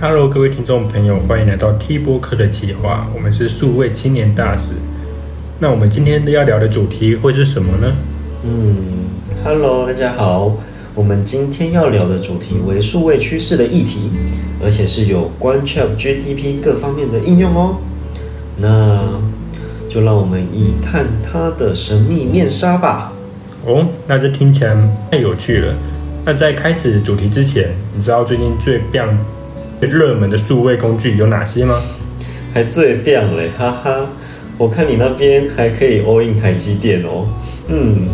Hello，各位聽眾朋友，歡迎來到 T 播客的企劃，我們是數位青年大使。那我們今天要聊的主題會是什麼呢？嗯，Hello，大家好，我們今天要聊的主題為數位趨勢的議題，而且是有關 ChatGPT 各方面的應用哦。那就讓我們一探它的神秘面紗吧。哦，那這聽起來太有趣了。那在開始主題之前，你知道最近最變？熱門的數位工具有哪些嗎？還最棒嘞，哈哈！我看你那邊還可以 all in 台積電哦，嗯，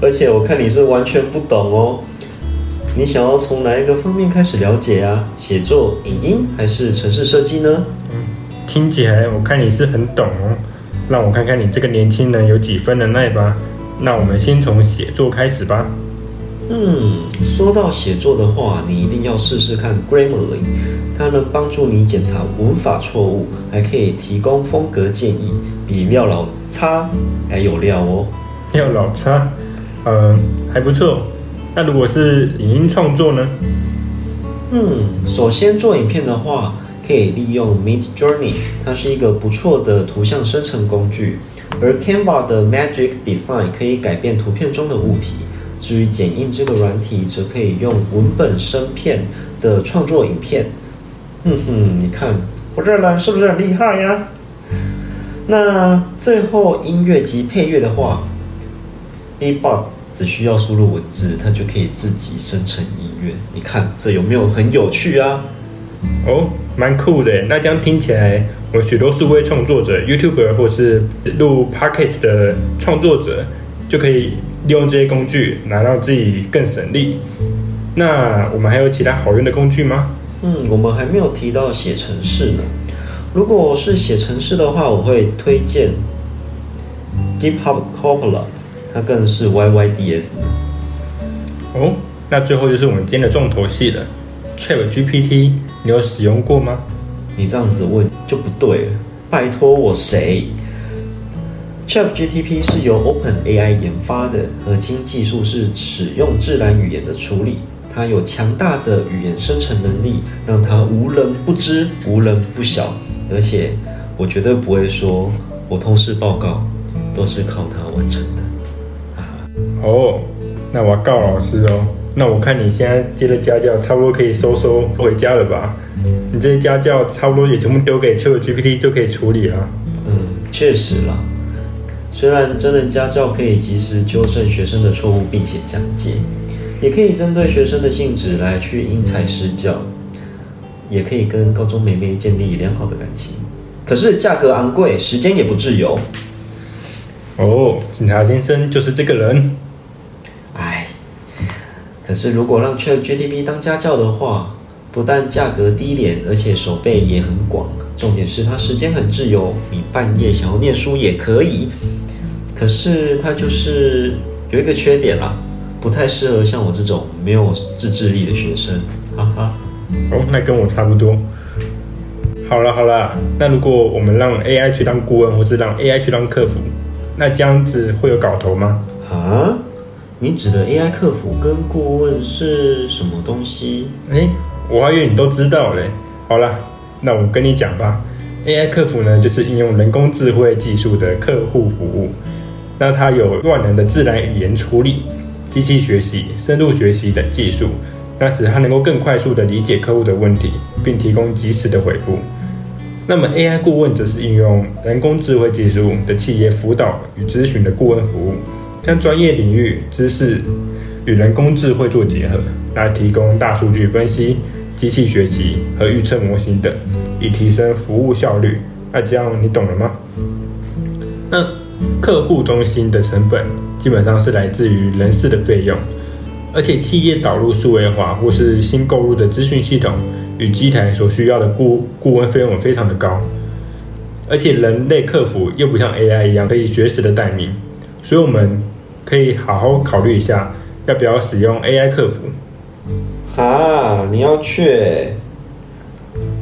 而且我看你是完全不懂哦。你想要從哪一個方面開始了解啊？寫作、影音還是程式設計呢？嗯，聽起來我看你是很懂哦。讓我看看你這個年輕人有幾分能耐吧。那我們先從寫作開始吧。嗯，說到寫作的話，你一定要試試看 Grammarly，它能幫助你檢查語法錯誤，還可以提供風格建議，比妙老差還有料哦。妙老差，嗯，還不錯。那如果是影音創作呢？嗯，首先做影片的話，可以利用 Midjourney，它是一個不錯的圖像生成工具，而 Canva 的 Magic Design 可以改變圖片中的物體。至於剪映這個軟體，則可以用文本生片的創作影片。哼哼，你看我這呢，是不是很厲害呀、啊？那最後音樂及配樂的話，B Box 只需要輸入文字，它就可以自己生成音樂。你看這有沒有很有趣啊？哦，蠻酷的。那這樣聽起來，我許多數位創作者、YouTuber 或是錄 Podcast 的創作者就可以，利用這些工具來讓自己更省力。那我們還有其他好用的工具嗎？嗯，我們還沒有提到寫程式呢。如果是寫程式的話，我會推薦 GitHub Copilot，它更是 YYDS。哦，那最後就是我們今天的重頭戲了，ChatGPT，你有使用過嗎？你這樣子問就不對了，拜托我誰？ChatGPT 是由 OpenAI 研發的，核心技術是使用自然語言的處理，它有強大的語言生成能力，讓它無人不知、無人不曉。而且，我絕對不會說我通識報告都是靠它完成的。哦，那我要告老師哦。那我看你現在接的家教差不多可以收收回家了吧？嗯、你這些家教差不多也全部丟給 ChatGPT 就可以處理了。嗯，確實啦。雖然真人家教可以及時糾正學生的錯誤，並且講解，也可以針對學生的性質來去因材施教，嗯，也可以跟高中妹妹建立良好的感情，可是價格昂貴，時間也不自由。哦，警察先生就是這個人。哎，可是如果讓 ChatGPT 當家教的話，不但價格低廉，而且手背也很廣。重點是它時間很自由，你半夜想要念書也可以。可是它就是有一個缺點啦，不太適合像我這種沒有自制力的學生，哈哈。哦，那跟我差不多。好啦好啦、嗯，那如果我們讓 AI 去當顧問，或是讓 AI 去當客服，那這樣子會有搞頭嗎？啊？你指的 AI 客服跟顧問是什麼東西？哎，我還以為你都知道嘞。好啦。那我跟你講吧，AI 客服呢，就是應用人工智慧技術的客戶服務。那它有萬能的自然語言處理、機器學習、深度學習等技術，那使它能夠更快速地理解客戶的問題，並提供及時的回覆。那麼 AI 顧問則是應用人工智慧技術的企業輔導與諮詢的顧問服務，將專業領域知識與人工智慧做結合，來提供大數據分析。機器學習和預測模型等，以提升服務效率。那這樣，你懂了嗎？那客戶中心的成本基本上是來自於人事的費用，而且企業導入數位化或是新購入的資訊系統與機台所需要的顧顧問費用也非常的高，而且人類客服又不像 AI 一樣可以隨時的待命，所以我們可以好好考慮一下要不要使用 AI 客服。啊，你要去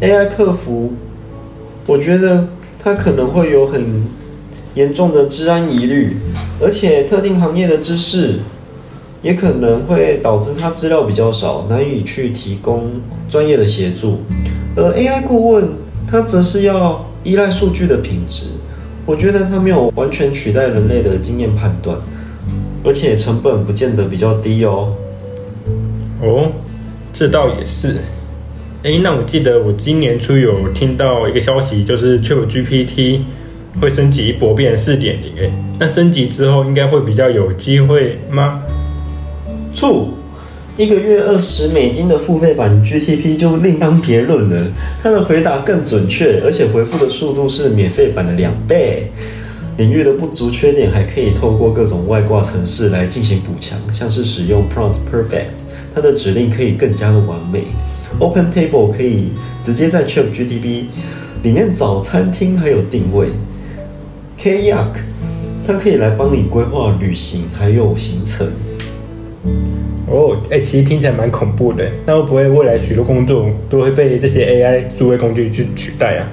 ？AI 客服，我覺得他可能會有很嚴重的治安疑慮，而且特定行業的知識也可能會導致他資料比較少，難以去提供專業的協助。而、呃、AI 顧問，他則是要依賴數據的品質，我覺得他沒有完全取代人類的經驗判斷，而且成本不見得比較低哦。哦。這倒也是誒，那我記得我今年初有聽到一個消息，就是 ChatGPT 會升級，博變四點零。哎，那升級之後應該會比較有機會嗎？錯，一個月二十美金的付費版 GPT 就另當別論了。它的回答更準確，而且回覆的速度是免費版的兩倍。領域的不足缺點還可以透過各種外掛程式來進行補強，像是使用 Prompt Perfect。它的指令可以更加的完美。Open Table 可以直接在 ChatGPT 裡面找餐廳，還有定位。Kayak 它可以來幫你規劃旅行，還有行程。哦，誒，其實聽起來蠻恐怖的。那會不會未來許多工作都會被這些 A I 數位工具去取代啊？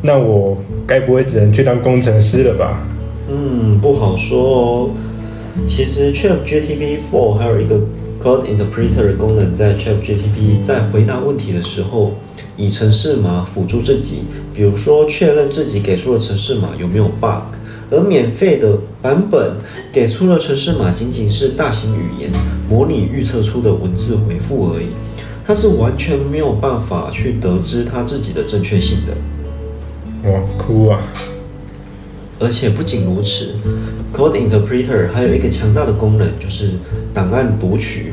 那我該不會只能去當工程師了吧？嗯，不好說哦。其實 ChatGPT Four 還有一個。Code Interpreter 的功能，在 ChatGPT 在回答問題的時候，以程式碼輔助自己，比如說確認自己給出的程式碼有沒有 bug，而免費的版本給出的程式碼，僅僅是大型語言模擬預測出的文字回復而已，它是完全沒有辦法去得知它自己的正確性的。我哭啊！而且不僅如此，Code Interpreter 還有一個強大的功能，就是檔案讀取。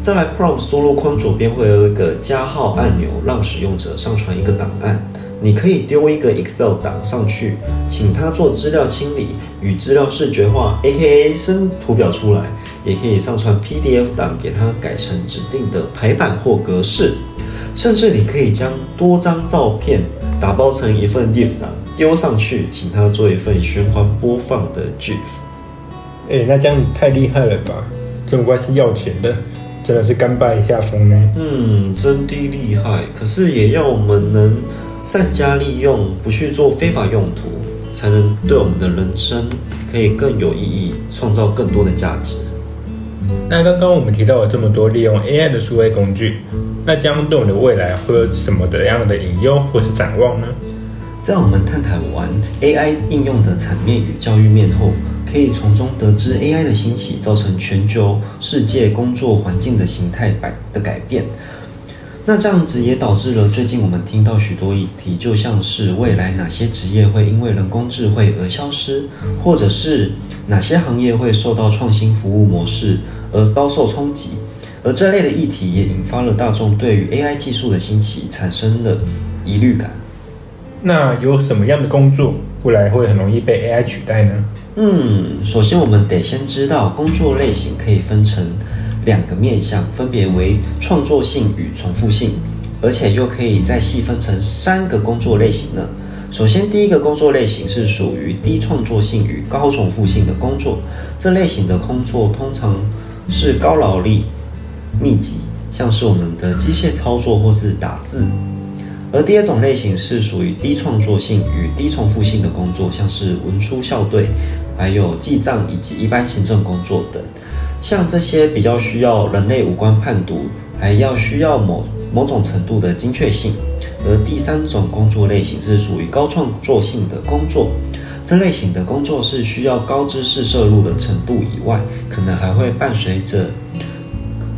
再來，Prompt 輸入框左邊會有一個加號按鈕，讓使用者上傳一個檔案。你可以丟一個 Excel 檔上去，請它做資料清理與資料視覺化 （A.K.A. 生圖表出來），也可以上傳 PDF 檔給它改成指定的排版或格式。甚至你可以將多張照片打包成一份電子檔。丟上去，請他做一份循環播放的 GIF。欸、那這樣你太厲害了吧！這麼快是要錢的，真的是甘拜一下風呢。嗯，真的厲害，可是也要我們能善加利用，不去做非法用途，才能對我們的人生可以更有意義，創造更多的價值。那剛剛我們提到了這麼多利用 AI 的數位工具，那將對我們的未來會有什麼的樣的隱憂或是展望呢？在我們探討完 AI 應用的產業面與教育面後，可以從中得知 AI 的興起造成全球世界工作環境的形態改的改變。那這樣子也導致了最近我們聽到許多議題，就像是未來哪些職業會因為人工智慧而消失，或者是哪些行業會受到創新服務模式而遭受衝擊。而這類的議題也引發了大眾對於 AI 技術的興起產生的疑慮感。那有什麼樣的工作未來會很容易被 AI 取代呢？嗯，首先我們得先知道工作類型可以分成兩個面向，分別為創作性與重複性，而且又可以再細分成三個工作類型呢。首先，第一個工作類型是屬於低創作性與高重複性的工作，這類型的工作通常是高勞力、密集，像是我們的機械操作或是打字。而第二種類型是屬於低創作性與低重複性的工作，像是文書校對、還有記賬以及一般行政工作等。像這些比較需要人類五官判讀，還要需要某某種程度的精確性。而第三種工作類型是屬於高創作性的工作，這類型的工作是需要高知識攝入的程度以外，可能還會伴隨着。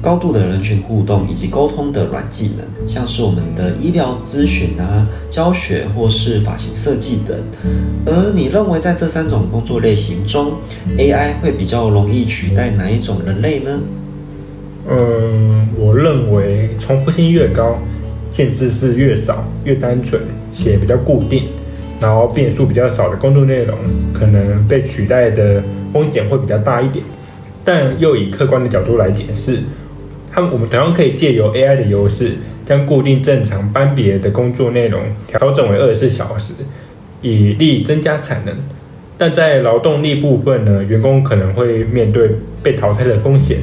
高度的人群互動以及溝通的軟技能，像是我們的醫療諮詢啊、教學或是髮型設計等。而你認為在這三種工作類型中，AI 會比較容易取代哪一種人類呢？嗯，我認為重複性越高、限制是越少、越單純且比較固定，然後變數比較少的工作內容，可能被取代的風險會比較大一點。但又以客觀的角度來解釋。我們同樣可以借由 AI 的優勢，將固定正常班別的工作內容調整為二十四小時，以利增加產能。但在勞動力部分呢，員工可能會面對被淘汰的風險。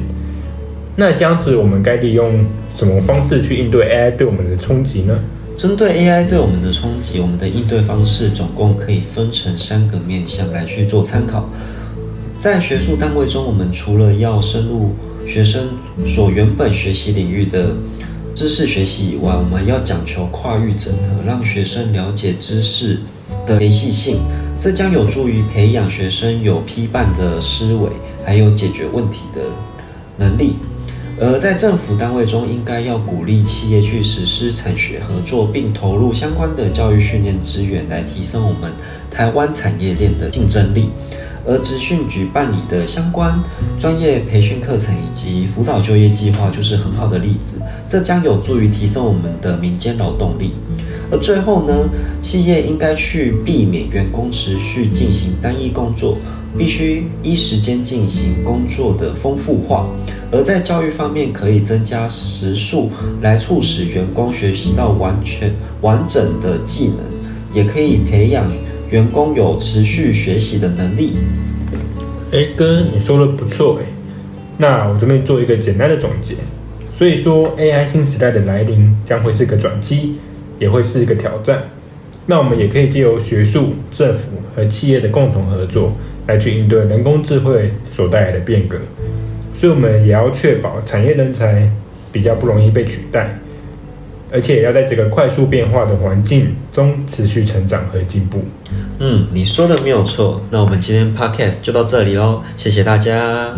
那這樣子，我們該利用什麼方式去應對 AI 對我們的衝擊呢？針對 AI 對我們的衝擊，我們的應對方式總共可以分成三個面向來去做參考。在學術單位中，我們除了要深入。學生所原本學習領域的知識學習以外，我們要講求跨域整合，讓學生了解知識的連繫性，這將有助於培養學生有批判的思維，還有解決問題的能力。而在政府單位中，應該要鼓勵企業去實施產學合作，並投入相關的教育訓練資源，來提升我們台灣產業鏈的競爭力。而職訓局辦理的相關專業培訓課程以及輔導就業計劃，就是很好的例子，這將有助於提升我們的民間勞動力。而最後呢，企業應該去避免員工持續進行單一工作，必須依時間進行工作的豐富化。而在教育方面，可以增加時數來促使員工學習到完全完整的技能，也可以培養。員工有持續學習的能力。哎，哥，你說的不錯哎。那我這邊做一個簡單的總結。所以說，AI 新時代的來臨將會是一個轉機，也會是一個挑戰。那我們也可以借由學術、政府和企業的共同合作來去應對人工智慧所帶來的變革。所以，我們也要確保產業人才比較不容易被取代。而且也要在這個快速變化的環境中持續成長和進步。嗯，你說的沒有錯。那我們今天 podcast 就到這裡嘍，謝謝大家。